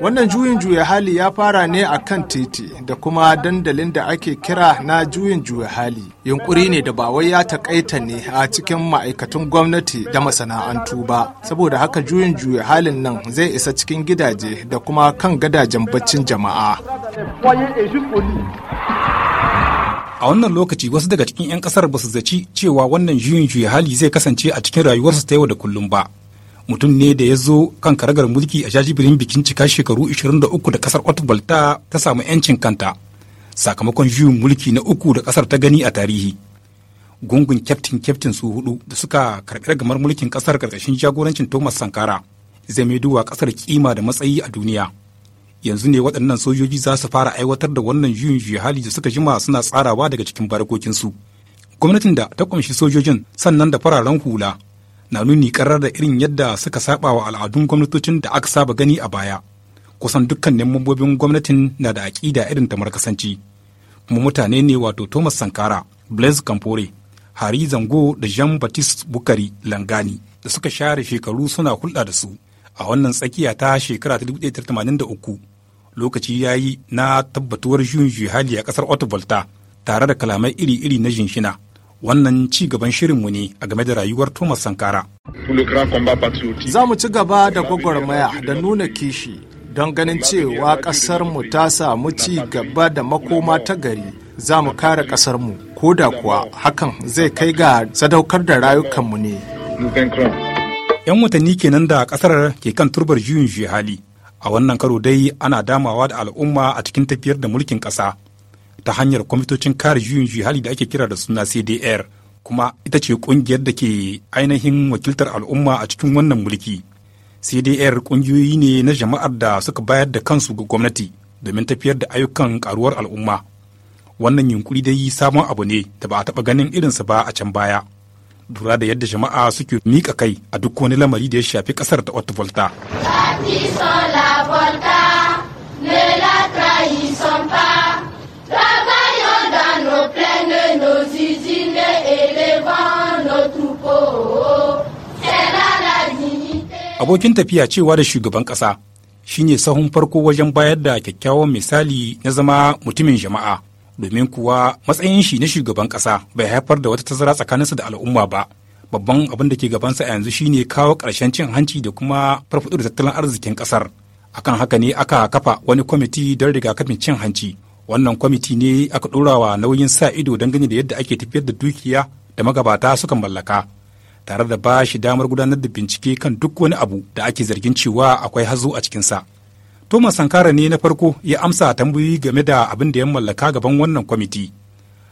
Wannan juyin juya hali ya fara ne a kan titi da kuma dandalin da ake kira na juyin juya hali. Yunkuri ne da ba wai ya takaita ne a cikin ma'aikatan gwamnati da masana'antu ba. Saboda haka juyin juya halin nan zai isa cikin gidaje da kuma kan gadajen baccin jama'a. a wannan lokaci wasu daga cikin 'yan kasar ba su zaci cewa wannan juyin juya hali zai kasance a cikin rayuwarsu ta yau da kullum ba mutum ne da ya zo kan karagar mulki a jajibirin bikin cika shekaru 23 da kasar otbalta ta samu 'yancin kanta sakamakon juyin mulki na uku da kasar ta gani a tarihi gungun kyaftin kyaftin su hudu da suka karɓi ragamar mulkin kasar karkashin jagorancin thomas sankara zai mai duwa kasar kima da matsayi a duniya yanzu ne waɗannan sojoji za su fara aiwatar da wannan juyin juya hali da suka jima suna tsarawa daga cikin barkokinsu gwamnatin da ta ƙunshi sojojin sannan da fararen hula na nuni karar da irin yadda suka saba wa al'adun gwamnatocin da aka saba gani a baya kusan dukkanin mambobin gwamnatin na da aƙida irin ta markasanci kuma mutane ne wato thomas sankara blaise kampore hari zango da jean baptiste bukari langani da suka share shekaru suna hulɗa da su a wannan tsakiya ta shekara ta 1983 lokaci ya yi na tabbatuwar juyin juhali a ƙasar otvolta tare da kalamai iri-iri na jinshina wannan ci gaban shirinmu ne a game da rayuwar Thomas Sankara. Za mu ci gaba da gwagwarmaya da nuna kishi don ganin cewa ƙasarmu ta samu ci gaba da makoma ta gari za mu kare ƙasarmu ko da kuwa hakan zai kai ga sadaukar da rayukanmu ne. 'Yan watanni kenan da ƙasar ke kan turbar juyin hali. A wannan karo dai ana damawa da al'umma a cikin tafiyar da mulkin ƙasa. ta hanyar kwamitocin kare juyin juyi hali da ake kira da suna CDR kuma ita ce kungiyar da ke ainihin wakiltar al'umma a cikin wannan mulki. CDR kungiyoyi ne na jama'ar da suka bayar da kansu ga gwamnati domin tafiyar da ayyukan karuwar al'umma. Wannan yunkuri dai sabon abu ne da ba a taɓa ganin irinsa ba a can baya. Lura da yadda jama'a suke miƙa kai a duk wani lamari da ya shafi ƙasar ta Otvolta. volta. abokin tafiya cewa da shugaban ƙasa shine sahun farko wajen bayar da kyakkyawan misali na zama mutumin jama'a domin kuwa matsayin shi na shugaban ƙasa bai haifar da wata tazara tsakaninsa da al'umma ba babban abin da ke gabansa a yanzu shine kawo ƙarshen cin hanci da kuma farfaɗo da tattalin arzikin ƙasar akan haka ne aka kafa wani kwamiti don rigakafin cin hanci wannan kwamiti ne aka ɗorawa nauyin sa ido dangane da yadda ake tafiyar da dukiya da magabata suka mallaka tare da ba shi damar gudanar da bincike kan duk wani abu da ake zargin cewa akwai hazo a cikinsa. Thomas Sankara ne na farko ya amsa tambayoyi game da abin da ya mallaka gaban wannan kwamiti.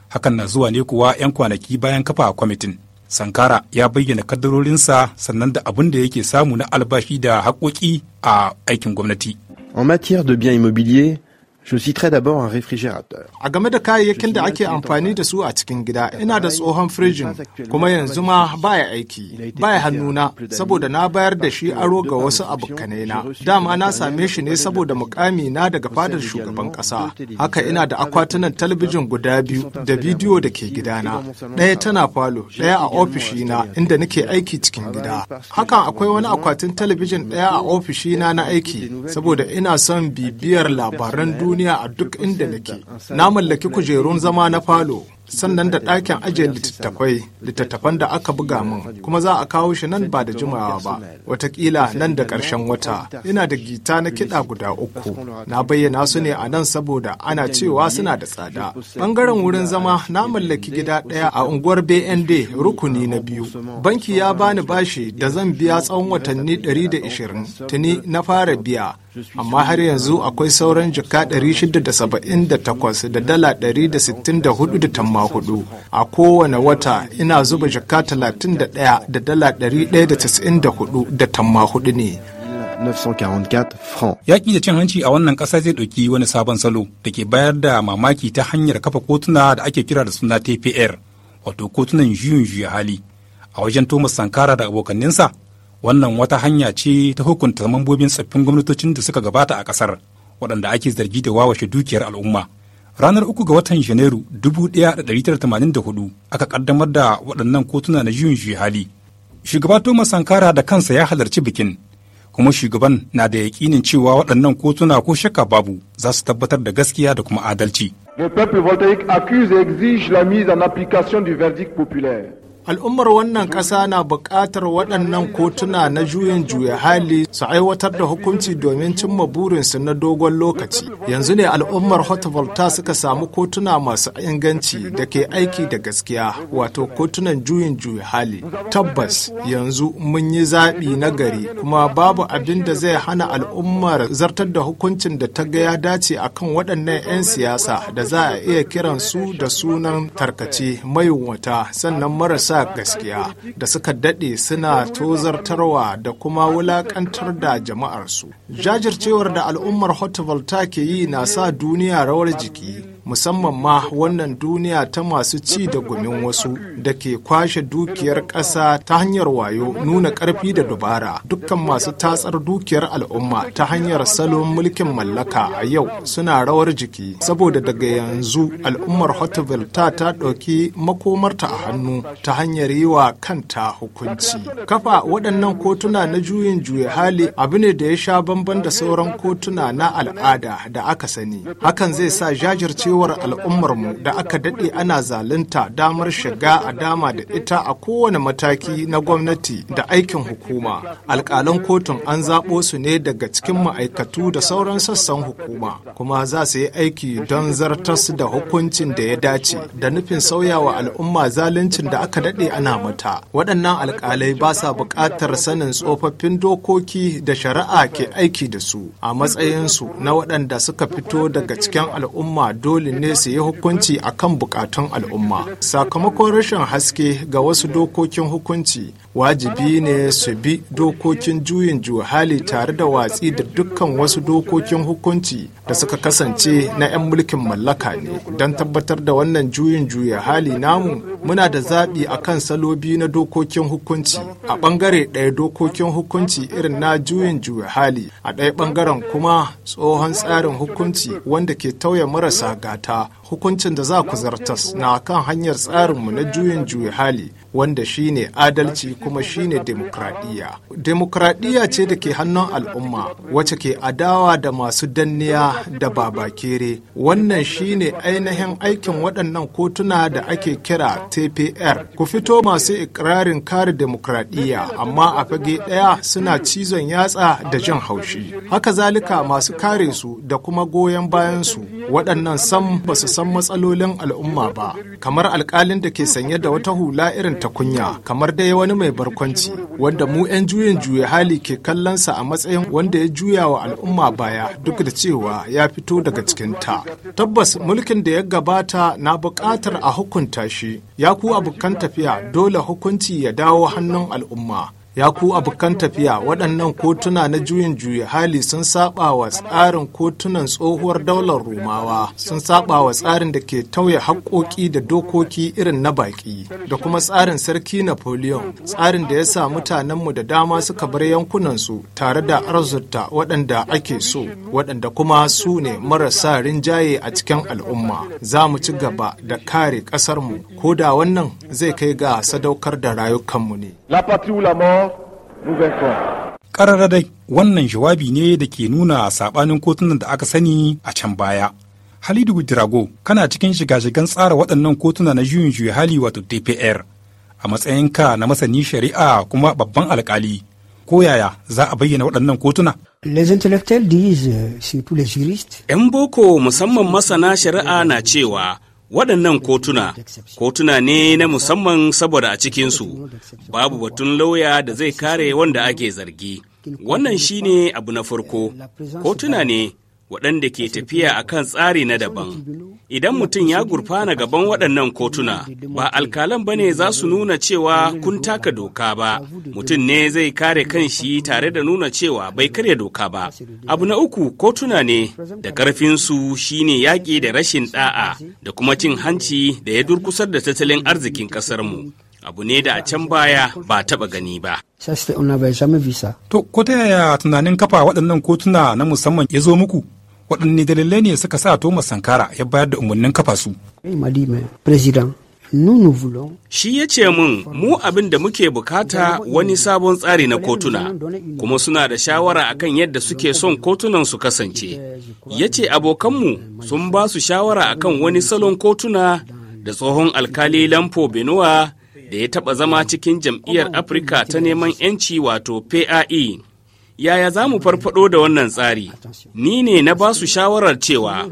Hakan na zuwa ne kuwa 'yan kwanaki bayan kafa kwamitin. Sankara ya bayyana kaddarorinsa sannan da abin da yake samu na albashi da haƙoƙi a aikin gwamnati. En matière de biens immobiliers, Je citerai d'abord un réfrigérateur. A game da kayayyakin da ake amfani da su a cikin gida, ina da tsohon firijin kuma yanzu ma baya aiki, baya hannuna saboda na bayar da shi aro ga wasu abokanaina. Dama na same shi ne saboda mukami na daga fadar shugaban kasa. Haka ina da akwatunan talabijin guda biyu da bidiyo da ke gidana. Ɗaya tana falo, ɗaya a ofishina inda nake aiki cikin gida. Hakan akwai wani akwatin talabijin ɗaya a ofishina na aiki saboda ina son bibiyar labaran duniya duniya a duk inda nake. Na mallaki kujerun zama na falo, sannan da ɗakin ajiye littattafai littattafan da aka buga min kuma za a kawo shi nan ba da jimawa ba watakila nan da ƙarshen wata ina da gita na kiɗa guda uku na bayyana su ne a nan saboda ana cewa suna da tsada ɓangaren wurin zama na mallaki gida ɗaya a unguwar bnd rukuni na biyu banki ya bani bashi da zan biya tsawon watanni 120 tuni na fara biya amma har yanzu akwai sauran jika 678 da dala 164 da tamma hudu a kowane wata ina zuba jaka 31 da dala daya da tamma hudu ne Yaƙi da cin hanci a wannan ƙasa zai ɗauki wani sabon salo da ke bayar da mamaki ta hanyar kafa kotuna da ake kira da suna TPR, wato kotunan juyin juya hali. A wajen Thomas Sankara da abokaninsa, wannan wata hanya ce ta hukunta mambobin tsaffin gwamnatocin da suka gabata a ƙasar, waɗanda ake zargi da wawashe dukiyar al'umma. ranar uku ga watan janairu 1984 aka kaddamar da waɗannan kotuna na juyin hali shugaba thomas sankara da kansa ya halarci bikin kuma shugaban na da yaƙinin cewa waɗannan kotuna ko shakka babu za su tabbatar da gaskiya da kuma adalci. Le peuple voltaïque accuse et exige la mise en application du verdict populaire. Al'ummar wannan ƙasa na buƙatar waɗannan kotuna na juyin juya hali su aiwatar da hukunci domin cimma burinsu na dogon lokaci. Yanzu ne al'ummar Hot Volta suka samu kotuna masu inganci da ke aiki da gaskiya, wato kotunan juyin juya hali. Tabbas yanzu mun yi zaɓi na gari kuma babu abin da zai hana al'ummar zartar da hukuncin da ta ga ya dace akan waɗannan 'yan siyasa da za a iya kiransu da sunan tarkace mayunwata sannan marasa marasa gaskiya da suka daɗe suna tozartarwa da kuma wulaƙantar da jama'arsu. Jajircewar da al'ummar ta ke yi na sa duniya rawar jiki. musamman ma wannan duniya ta masu ci da gumin wasu da ke kwashe dukiyar ƙasa ta hanyar wayo nuna ƙarfi da dubara dukkan masu tatsar dukiyar al'umma ta hanyar salon mulkin mallaka a yau suna rawar jiki saboda daga yanzu al'ummar hotovilta ta ta ɗauki makomarta a hannu ta hanyar yi wa kanta hukunci kafa waɗannan kotuna na juyin juya hali abu ne da ya sha bamban da sauran kotuna na al'ada da aka sani hakan zai sa jajircewa baiwar al'ummarmu da aka daɗe ana zalunta damar shiga a dama da ita a kowane mataki na gwamnati da aikin hukuma. Alƙalan kotun an zaɓo su ne daga cikin ma'aikatu da sauran sassan hukuma, kuma za su yi aiki don zartas da hukuncin da ya dace da nufin sauyawa al'umma zaluncin da aka daɗe ana mata. Waɗannan alƙalai ba sa buƙatar sanin tsofaffin dokoki da shari'a ke aiki da su a matsayinsu na waɗanda suka fito daga cikin al'umma dole dalilin ne su yi hukunci a kan bukatun al'umma sakamakon rashin haske ga wasu dokokin hukunci wajibi ne su bi dokokin juyin juya hali tare da watsi da dukkan wasu dokokin hukunci da suka kasance na 'yan mulkin mallaka ne don tabbatar da wannan juyin juya hali namu muna da zaɓi a kan salobi na dokokin hukunci a ɓangare ɗaya dokokin hukunci irin na juyin juya hali a ɗaya ɓangaren kuma tsohon tsarin hukunci wanda ke tauye marasa gata hukuncin da za ku zartas na kan hanyar tsarinmu na juyin juya hali wanda shine adalci kuma shine demokradiyya. Demokradiyya ce da ke hannun al'umma wacce ke adawa da masu danniya da babakere. Wannan shine ainihin aikin waɗannan kotuna da ake kira TPR. Ku fito masu ikirarin kare demokradiyya amma a fage ɗaya suna cizon yatsa da jin haushi. Haka zalika masu kare su da kuma goyon bayan su waɗannan sam ba su san matsalolin al'umma ba kamar alƙalin da ke sanye da wata hula irin ta kunya kamar dai wani mai barkwanci wanda mu 'yan juyin juya hali ke kallonsa a matsayin wanda ya juya wa al'umma baya duk da cewa ya fito daga cikin ta tabbas mulkin da ya gabata na bukatar a hukunta shi ya ku abokan tafiya dole hukunci ya dawo hannun al'umma ya ku abokan tafiya waɗannan kotuna na juyin juya hali sun saba wa tsarin kotunan tsohuwar daular rumawa sun saba wa tsarin da ke tauye haƙoƙi da dokoki irin na baƙi da kuma tsarin sarki napoleon tsarin da ya sa mutanenmu da dama suka bar yankunansu tare da arzuta waɗanda ake so waɗanda kuma su ne marasa rinjaye a cikin al'umma za mu ci gaba da kare ƙasarmu ko da wannan zai kai ga sadaukar da rayukanmu ne. La patrie ou karar dai wannan jawabi ne da ke nuna saɓanin kotunan da aka sani a can baya. Halidu Drago kana cikin shiga-shigan tsara waɗannan kotuna na juyin juya hali wato DPR a matsayinka na masani shari'a kuma babban alkali. Ko yaya za a bayyana waɗannan kotuna? Les 'Yan boko musamman masana shari'a na cewa Waɗannan kotuna, kotuna ne na musamman saboda a cikinsu babu batun lauya da zai kare wanda ake zargi. Wannan shi ne abu na farko, kotuna ne waɗanda ke tafiya a kan tsari na daban. Idan mutum ya gurfana gaban waɗannan kotuna, ba alkalan ba ne za su nuna cewa kun taka doka ba, mutum ne zai kare kan shi tare da nuna cewa bai karya doka ba. Abu na uku kotuna ne da ƙarfinsu shi ne yaƙi da rashin ɗa'a da kuma cin hanci da ya durkusar da tattalin arzikin ƙasarmu. abu ne da a can baya ba taɓa gani ba. To, ko ta yaya tunanin kafa waɗannan kotuna na musamman ya zo muku? waɗanne dalilai ne suka sa thomas sankara ya bayar da umarnin kafa su Shi ya ce min mu abin da muke bukata wani sabon tsari na kotuna, kuma suna da shawara akan yadda suke son kotunan su kasance. Ya ce abokanmu sun ba su shawara akan wani salon kotuna da tsohon alkali Lampo Benua da ya taɓa zama cikin jam'iyyar Afirka ta neman 'yanci wato PAE. yaya za mu farfado da wannan tsari ni ne na ba su shawarar cewa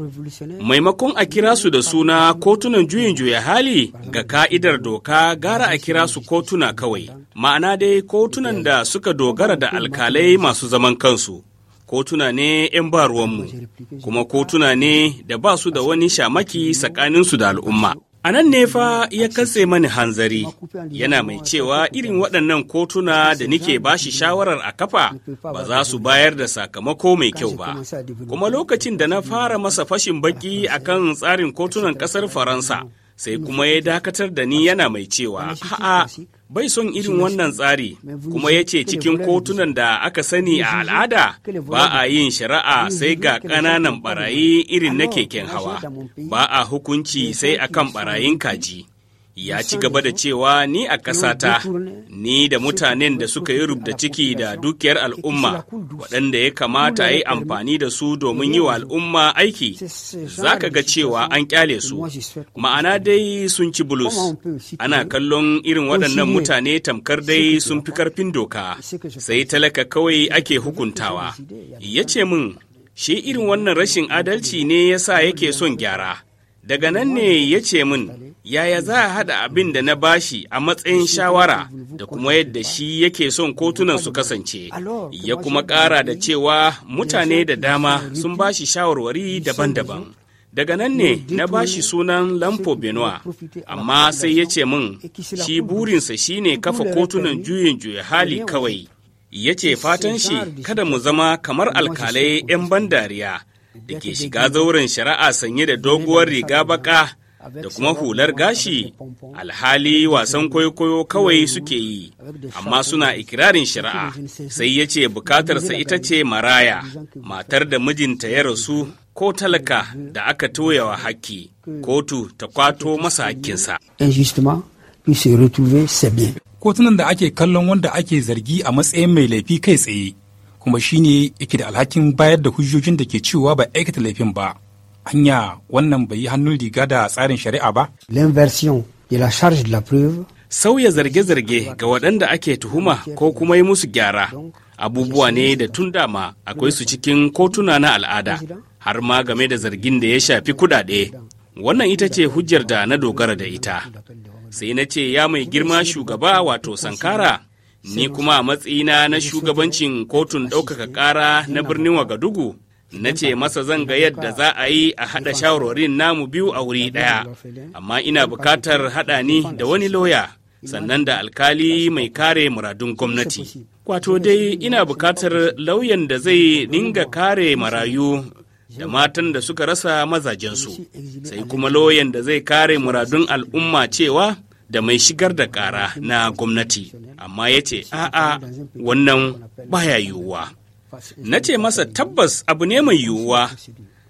maimakon a kira su da suna kotunan juyin juya hali ga ka'idar doka gara a kira su kotuna kawai ma'ana dai kotunan da suka dogara da alkalai masu zaman kansu kotuna ne 'yan ba ruwanmu kuma kotuna ne da ba su da wani shamaki tsakaninsu da al'umma A nan ne fa ya katse mani hanzari, yana mai cewa irin waɗannan kotuna da nike bashi shawarar a kafa ba za su bayar da sakamako mai kyau ba. Kuma lokacin da na fara masa fashin baki a kan tsarin kotunan ƙasar Faransa, sai kuma ya dakatar da ni yana mai cewa, a'a bai son irin wannan tsari kuma ya ce cikin kotunan da aka sani a al'ada ba a yin shari'a sai ga ƙananan barayi irin na keken hawa ba a hukunci sai akan barayin kaji ya ci gaba da cewa ni a ƙasata ni da mutanen da suka yi rubda ciki da dukiyar al'umma waɗanda ya kamata yi amfani da su domin yi wa al'umma aiki za ka ga cewa an ƙyale su ma'ana dai sun ci bulus ana kallon irin waɗannan mutane tamkar dai sun fi karfin doka sai talaka kawai ake hukuntawa ya ce min shi irin wannan rashin adalci ne yasa yake son gyara Daga nan ne ya ce min yaya za a haɗa abin da na bashi a matsayin shawara da kuma yadda shi yake son kotunan su kasance. Ya kuma ƙara da cewa mutane da dama sun bashi shawarwari daban-daban. daga nan ne na bashi sunan lampo benua amma sai ya ce min shi burinsa shine kafa kotunan juyin juya hali kawai ya ce fatan shi kada mu zama kamar alkalai 'yan ban dariya da ke shiga zauren shari'a sanye da doguwar riga baka da kuma hular gashi alhali wasan kwaikwayo kawai suke yi amma suna ikirarin shari'a sai ya ce bukatarsa ita ce maraya matar da mijinta ya rasu ko talaka da aka toyawa haƙƙi kotu ta kwato masa hakkinsa kotunan da ake kallon wanda ake zargi a matsayin mai laifi kai tsaye kuma shine yake da alhakin bayar da hujjojin da ke cewa ba aikata laifin ba hanya wannan bai yi hannun riga da tsarin shari'a ba l'inversion de la charge de la preuve sauya zarge-zarge ga waɗanda ake tuhuma ko kuma yi musu gyara abubuwa ne da tun dama akwai su cikin kotuna na al'ada har ma game da zargin da ya shafi kuɗaɗe wannan ita ce hujjar da na dogara da ita sai na ce ya mai girma shugaba wato sankara ni kuma a matsayina na shugabancin kotun ɗaukaka ƙara na birnin wagadugu na ce masa zan ga yadda za a yi a haɗa shawarorin namu biyu a wuri ɗaya amma ina bukatar haɗa ni da wani lauya sannan da alkali mai kare muradun gwamnati kwato dai ina bukatar lauyan da zai dinga kare marayu da matan da suka rasa mazajensu sai kuma lauyan da zai kare muradun al'umma cewa da mai shigar da ƙara na gwamnati, amma ya ce, a'a wannan baya yiwuwa. Na ce masa tabbas abu ne mai yiwuwa,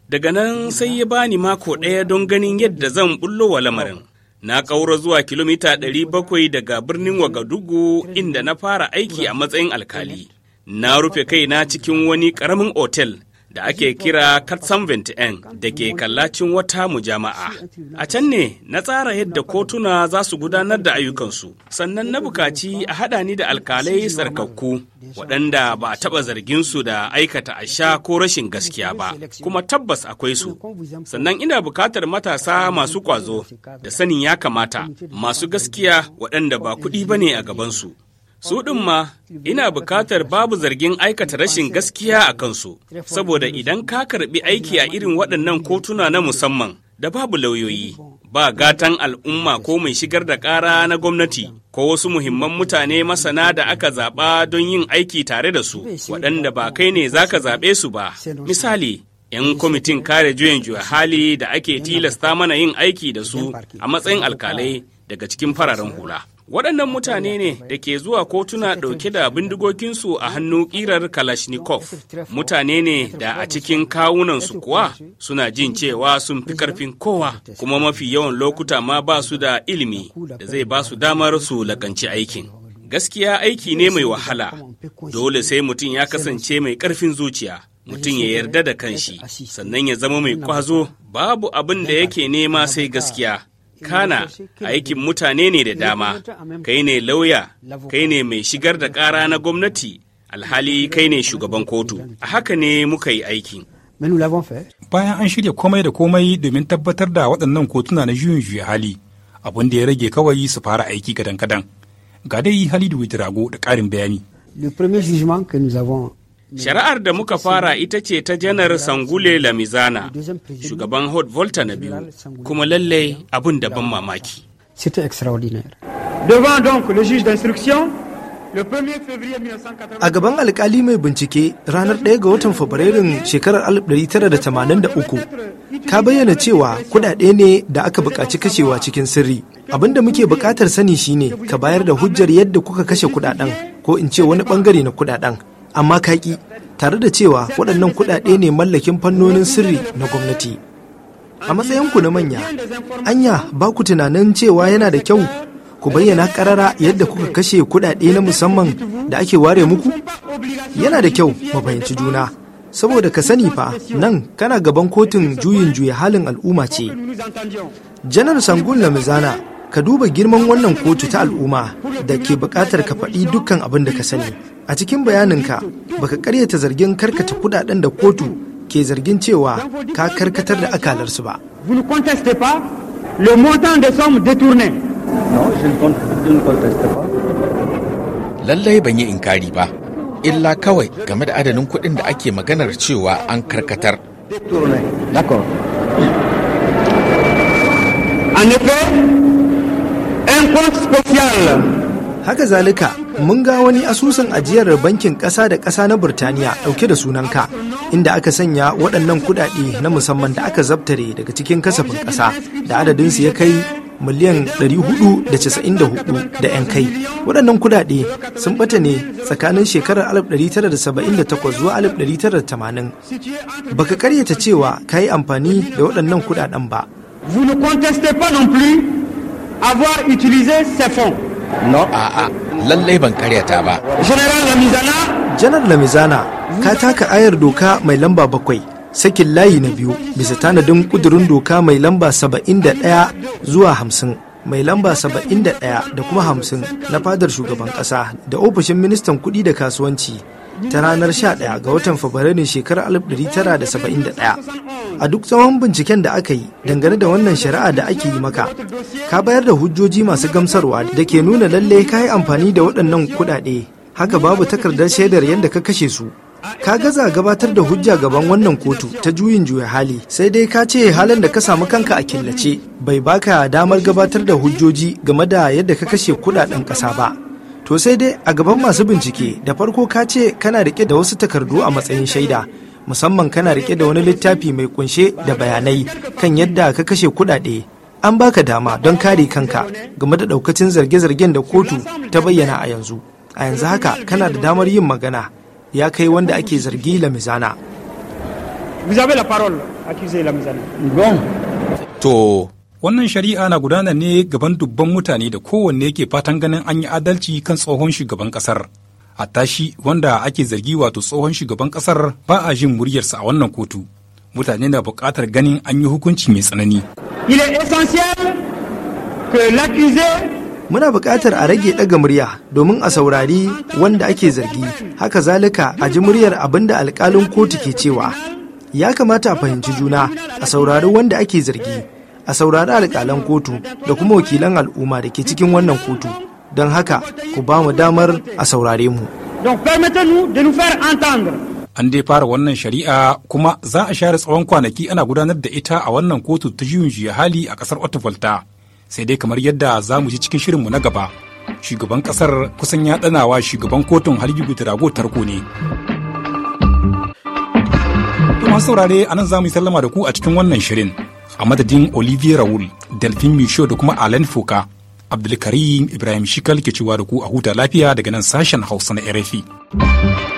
daga nan sai ya bani mako ɗaya don ganin yadda zan bullo wa lamarin. Na ƙaura zuwa kilomita ɗari bakwai daga birnin Wagadugu inda na fara aiki a matsayin alkali. Na rufe kaina cikin wani ƙaramin otel da ake kira Katsamvent N da ke kallacin wata mujama'a. A can ne na tsara yadda kotuna za su gudanar da ayyukansu, sannan na bukaci a haɗa ni da alkalai sarkakku waɗanda ba a taɓa zarginsu da aikata a sha ko rashin gaskiya ba, kuma tabbas akwai su. Sannan ina bukatar matasa masu kwazo da sanin ya kamata, masu gaskiya waɗanda ba kuɗi ba ne a gabansu. Su ɗin ma ina bukatar babu zargin aikata rashin gaskiya a kansu, saboda idan ka karɓi aiki a irin waɗannan kotuna na musamman da babu lauyoyi, ba gatan al'umma ko mai shigar da ƙara na gwamnati ko wasu muhimman mutane masana da aka zaɓa don yin aiki tare da su waɗanda ba kai ne za ka zaɓe su ba. Misali, 'yan kwamitin kare juyin juya hali da ake tilasta mana yin aiki da su a matsayin alkalai daga cikin fararen hula. waɗannan mutane ne da ke zuwa kotuna ɗauke da bindigoginsu a hannu ƙirar kalashnikov mutane ne da a cikin kawunansu kuwa suna jin cewa sun fi ƙarfin kowa kuma mafi yawan lokuta ma ba su da ilimi da zai ba su damar su lakanci aikin gaskiya aiki ne mai wahala dole sai mutum ya kasance mai ƙarfin zuciya mutum ya yarda da kanshi sannan ya zama mai kwazo babu abin da yake nema sai gaskiya kana aikin mutane ne da dama kai ne lauya kai ne mai shigar da ƙara na gwamnati alhali kai ne shugaban kotu a haka ne muka yi aiki. bayan an shirya komai da komai domin tabbatar da waɗannan kotuna na juyin juya hali abin da ya rage kawai su fara aiki kadan gadan ga dai halidu rago da ƙarin bayani Shari'ar da muka fara ita ce ta janar Sangule Lamizana, shugaban Hot Volta na biyu, kuma lallai abin da ban mamaki. A gaban alkali mai bincike ranar 1 ga watan Fabrairun shekarar 1983, ka bayyana cewa kudade ne da aka bukaci kashewa cikin sirri. Abin da muke bukatar sani shine ka bayar da hujjar yadda kuka kashe kudaden ko in ce wani bangare na kudaden. amma kaki tare da cewa waɗannan kuɗaɗe ne mallakin fannonin sirri na gwamnati a matsayinku na manya anya ba ku tunanin cewa yana da kyau ku bayyana ƙarara yadda kuka kashe kuɗaɗe na musamman da ake ware muku yana da kyau mu fahimci juna saboda ka sani fa nan kana gaban kotun juyin juya halin al'umma ce janar sangul na mizana ka duba girman wannan kotu ta al'umma da ke buƙatar ka faɗi dukkan abin da ka sani a cikin bayaninka baka karyata zargin karkata kudaden da kotu ke zargin cewa ka karkatar da akalarsu ba lallai ban yi inkari ba illa kawai game da adadin kuɗin da ake maganar cewa an karkatar En effet, Haka zalika mun ga wani asusun ajiyar bankin ƙasa da ƙasa na Burtaniya ɗauke da sunanka inda aka sanya waɗannan kuɗaɗe na musamman da aka zabtare daga cikin kasafin ƙasa da adadinsu ya kai miliyan 494 da 'yan kai waɗannan kudade sun bata ne tsakanin shekarar 1978 zuwa 1980 baka karyata cewa ka yi amfani da waɗannan kudaden ba Vous ne contestez pas non avoir utilisé ces fonds. Non, a'a, ah, ah, lallai ban karyata ba. General Lamizana? Janar Lamizana, ka taka ayar doka mai lamba bakwai. Sakin layi na biyu bisa tanadin kudurin doka mai lamba 71 zuwa hamsin mai lamba 71 da kuma hamsin na fadar shugaban ƙasa da ofishin ministan Kuɗi da kasuwanci ta ranar 11 ga watan Fabrairu shekarar 1971. A duk tsawon binciken da aka yi dangane da wannan shari'a da ake yi maka, ka bayar da hujjoji masu gamsarwa da ke nuna lalle ka yi amfani da waɗannan kuɗaɗe, haka babu takardar shaidar yadda ka kashe su. Ka gaza gabatar da hujja gaban wannan kotu ta juyin juya hali, sai dai ka ce halin da ka samu kanka a killace bai baka damar gabatar da hujjoji game da yadda ka kashe kuɗaɗen ƙasa ba. To sai dai a gaban masu bincike da farko ka ce kana rike da wasu takardu a matsayin shaida musamman kana rike da wani littafi mai kunshe da bayanai kan yadda ka kashe kudade An baka dama don kare kanka game da daukacin zarge-zargen da kotu ta bayyana a yanzu. A yanzu haka kana da damar yin magana ya kai wanda ake zargi lamizana. la To, Wannan shari'a na gudana ne gaban dubban mutane da kowanne ke fatan ganin an yi adalci kan tsohon shugaban kasar A tashi wanda ake zargi wato tsohon shugaban kasar ba a jin muryarsa a wannan kotu. Mutane na buƙatar ganin an yi hukunci mai tsanani. Muna buƙatar a rage ɗaga murya domin a saurari wanda ake zargi, haka zalika a ji muryar abin da alƙalin kotu ke cewa. Ya kamata a fahimci juna a saurari wanda ake zargi. a saurari alƙalan kotu da kuma wakilan al'umma da ke cikin wannan kotu don haka ku ba mu damar a saurare mu. An dai fara wannan shari'a kuma za a share tsawon kwanaki ana gudanar da ita a wannan kotu ta juyin hali a kasar Otavalta. Sai dai kamar yadda za mu ji cikin mu na gaba. Shugaban kasar kusan ya danawa shugaban kotun Halgibu Tirago tarko ne. masu saurare a nan za mu yi sallama da ku a cikin wannan shirin a madadin olivier raul delfin michaud da kuma alain foka abdulkarim ibrahim shikal ke cewa da ku a huta lafiya daga nan sashen hausa na rfi